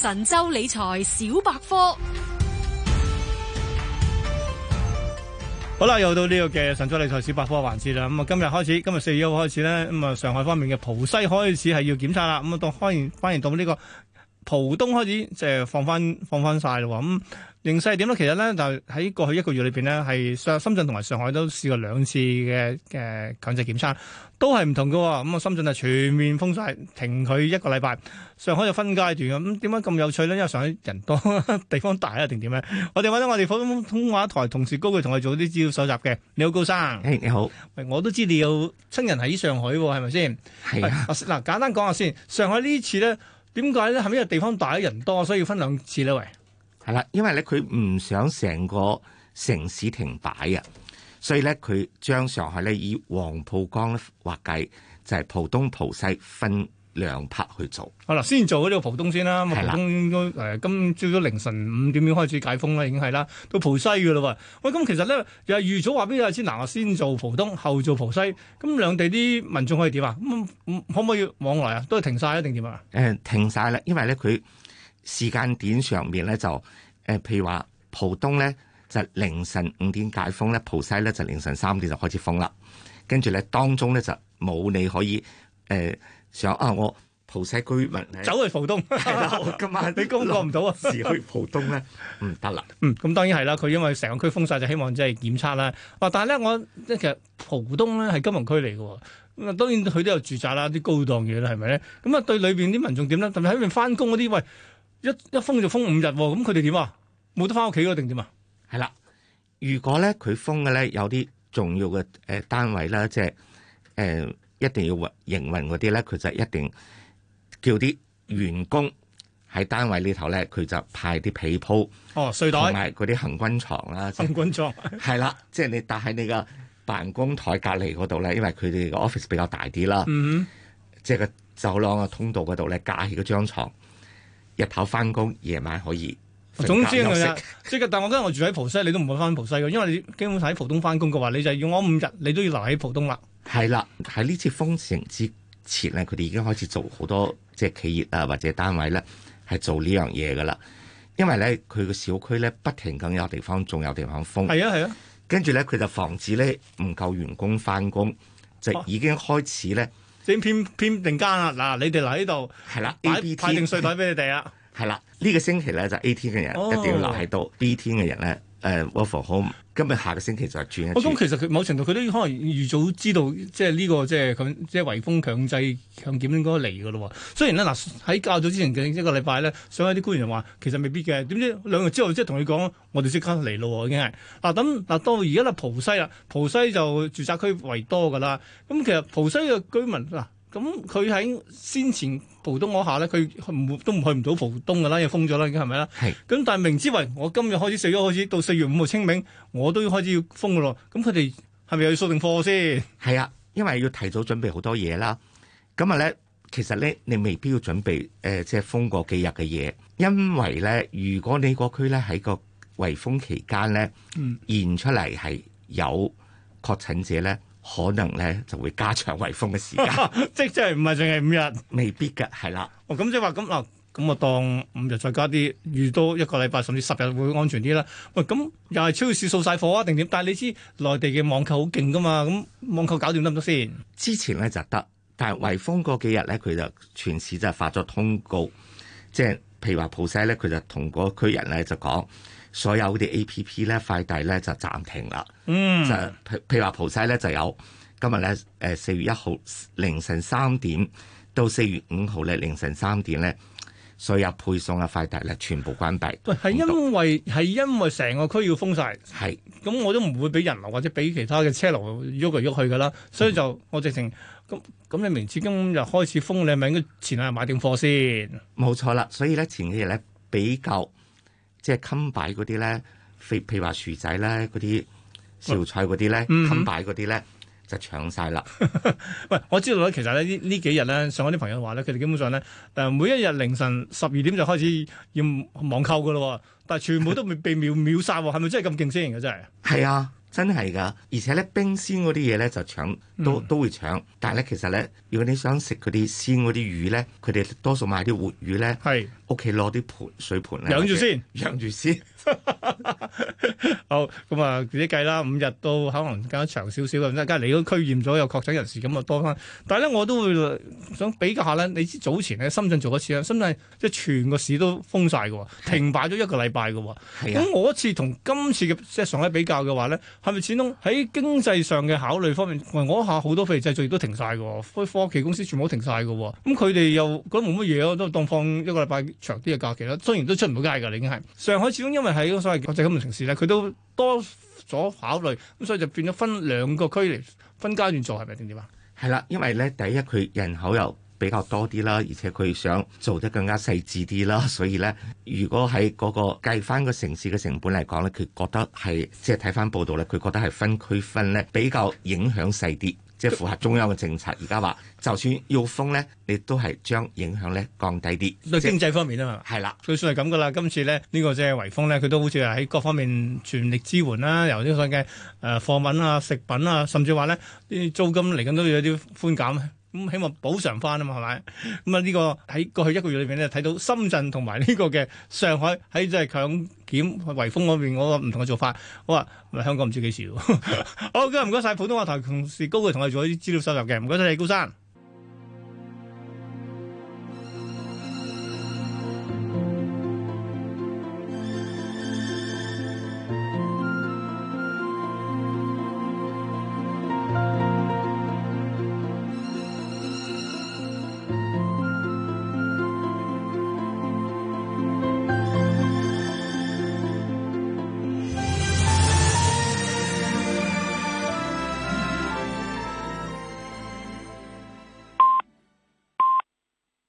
神州理財小百科，好啦，又到呢個嘅神州理財小百科環節啦。咁啊，今日開始，今日四月一號開始咧，咁啊，上海方面嘅浦西開始係要檢測啦。咁啊，到開完，翻完到呢個，浦東開始即係放翻放翻晒咯咁，形勢係點咧？其實咧就喺過去一個月裏邊咧，係上深圳同埋上海都試過兩次嘅嘅強制檢測，都係唔同噶。咁啊，深圳係全面封晒，停佢一個禮拜；上海就分階段。咁點解咁有趣咧？因為上海人多，地方大啊，定點咧？我哋揾咗我哋普通話台同事高炬同佢做啲資料搜集嘅。你好，高生。誒，你好。喂，我都知你有親人喺上海，係咪先？係啊。嗱，簡單講下先，上海呢次咧。點解咧？係因為地方大，人多，所以要分兩次咧。喂，係啦，因為咧佢唔想成個城市停擺啊，所以咧佢將上海咧以黃浦江劃界，就係浦東浦西分，兩批去做，好啦， 先做咗呢個浦東先啦。咁啊，的浦東應該誒、呃、今朝早凌晨五點鐘開始解封啦，已經係啦，到浦西嘅咯喎。喂，咁其實咧又係預早話畀啊？先南啊，先做浦東，後做浦西。咁兩地啲民眾可以點啊？咁、嗯嗯、可唔可以往來啊？都係停晒一定點啊？誒、啊呃，停晒啦，因為咧佢時間點上面咧就誒、呃，譬如話浦東咧就凌晨五點解封咧，浦西咧就凌晨三點就開始封啦。跟住咧當中咧就冇你可以誒。呃呃呃呃想啊，我浦西居民走去浦東，今晚 你工過唔到啊，時 去浦東咧唔得啦。嗯，咁、嗯、當然係啦，佢因為成個區封晒，就希望即係檢測啦。啊，但係咧，我即係其實浦東咧係金融區嚟嘅，咁啊，當然佢都有住宅啦，啲高檔嘢啦，係咪咧？咁啊，對裏邊啲民眾點咧？但係喺裏邊翻工嗰啲喂，一一封就封五日，哦，咁佢哋點啊？冇得翻屋企咯，定點啊？係啦，如果咧佢封嘅咧有啲重要嘅誒單位啦，即係誒。呃呃一定要營運嗰啲咧，佢就一定叫啲員工喺單位呢頭咧，佢就派啲被鋪哦，睡袋同埋嗰啲行軍床啦。行軍床係啦，即係你帶喺你個辦公台隔籬嗰度咧，因為佢哋個 office 比較大啲啦。嗯，即係個走廊嘅通道嗰度咧，架起一張床，日頭翻工，夜晚可以。總之，即係，但我覺得我住喺浦西，你都唔會翻浦西嘅，因為你基本上喺浦東翻工嘅話，你就要我五日，你都要留喺浦東啦。係啦，喺呢次封城之前咧，佢哋已經開始做好多即係企業啊或者單位咧，係做呢樣嘢噶啦。因為咧佢個小區咧不停咁有地方，仲有地方封。係啊，係啊，跟住咧佢就防止咧唔夠員工返工，就已經開始咧。先，啊、偏偏定間啦，嗱，啊、你哋留喺度。係啦 B 派定睡袋俾你哋啊。係啦，呢，這個星期咧就是，A 天嘅人一定要留喺度，B 天嘅人咧。啊啊誒我房好，uh, well、今日下個星期就轉我。咁其實佢某程度佢都可能預早知道，即係、這、呢個即係即係違風強制強檢應該嚟嘅咯。雖然呢，嗱、呃、喺較早之前嘅一個禮拜呢，想有啲官員就話其實未必嘅。點知兩日之後即係同佢講，我哋即刻嚟咯已經係。嗱、咁、啊、嗱、嗯啊、到而家啦，浦西啦，浦西就住宅區為多嘅啦。咁、嗯、其實浦西嘅居民嗱。啊咁佢喺先前浦東嗰下咧，佢唔都唔去唔到浦東噶啦，又封咗啦，已經係咪啦？係是。咁但係明知為我今日開始四月開始到四月五號清明，我都要開始要封噶咯。咁佢哋係咪又要掃定貨先？係啊，因為要提早準備好多嘢啦。咁啊咧，其實咧，你未必要準備誒、呃，即係封過幾日嘅嘢，因為咧，如果你區個區咧喺個圍封期間咧，嗯、現出嚟係有確診者咧。可能咧就會加長圍封嘅時間 即、哦，即即係唔係淨係五日？未必㗎，係、啊、啦。咁即係話咁嗱，咁啊當五日再加啲，預多一個禮拜甚至十日會安全啲啦。喂、嗯，咁、嗯、又係超市掃晒貨啊定點？但係你知內地嘅網購好勁㗎嘛？咁網購搞掂得唔得先？之前咧就得，但係圍封嗰幾日咧，佢就全市就發咗通告，即係譬如話浦西咧，佢就同嗰區人咧就講。所有啲 A P P 咧，快遞咧就暫停啦。嗯，就譬譬如話，浦西咧就有今日咧、呃、，誒四月一號凌晨三點到四月五號咧凌晨三點咧，所有配送嘅快遞咧全部關閉。係因為係度因為成個區要封晒，係咁是我都唔會俾人流或者俾其他嘅車路喐嚟喐去噶啦，所以就我直情咁咁你明知今日開始封，你咪應該前兩日買定貨先。冇錯啦，所以咧前幾日咧比較。即係襟擺嗰啲咧，非譬如話薯仔咧，嗰啲小菜嗰啲咧，襟擺嗰啲咧，就搶晒啦！喂， 我知道咧，其實咧呢呢幾日咧，上海啲朋友話咧，佢哋基本上咧，但每一日凌晨十二點就開始要網購噶咯，但係全部都未被秒秒殺喎，係咪 真係咁勁先嘅真係？係啊。真係噶，而且咧冰鮮嗰啲嘢咧就搶，都都會搶。但係咧，其實咧，如果你想食嗰啲鮮嗰啲魚咧，佢哋多數買啲活魚咧，係屋企攞啲盆水盆咧，養住先，養住著先。 好咁啊，自己計啦。五日都可能加長少少。咁即係你都區驗咗有確診人士咁啊多翻。但係咧我都會想比較下咧。你知早前喺深圳做一次啊，深圳即係全個市都封曬嘅，停擺咗一個禮拜嘅。咁的我一次同今次嘅即係上一比較嘅話咧。係咪始終喺經濟上嘅考慮方面，我下好多譬如製造業都停晒㗎，啲科技公司全部都停晒㗎，咁佢哋又覺得冇乜嘢咯，都當放一個禮拜長啲嘅假期啦。雖然都出唔到街㗎啦，已經係上海始終因為喺所謂國際金融城市咧，佢都多咗考慮，咁所以就變咗分兩個區嚟分階段做，係咪定點啊？係啦，因為咧第一佢人口又比較多啲啦，而且佢想做得更加細緻啲啦，所以咧，如果喺嗰、那個計翻個城市嘅成本嚟講咧，佢覺得係即係睇翻報道咧，佢覺得係分區分咧比較影響細啲，即係符合中央嘅政策。而家話就算要封咧，你都係將影響咧降低啲。對經濟方面啊嘛，係啦是，佢的算係咁噶啦。今次咧呢、這個即係圍封咧，佢都好似係喺各方面全力支援啦、啊，由啲咁嘅誒貨品啊、食品啊，甚至話咧啲租金嚟緊都要有啲寬減。咁起碼補償翻啊嘛，係咪？咁啊呢個喺過去一個月裏邊咧，睇到深圳同埋呢個嘅上海喺即係強檢圍封嗰邊，嗰個唔同嘅做法。我話香港唔知幾時喎。好、 哦，今日唔該晒普通話台，同事高炬同我做啲資料收入嘅，唔該晒你，高生。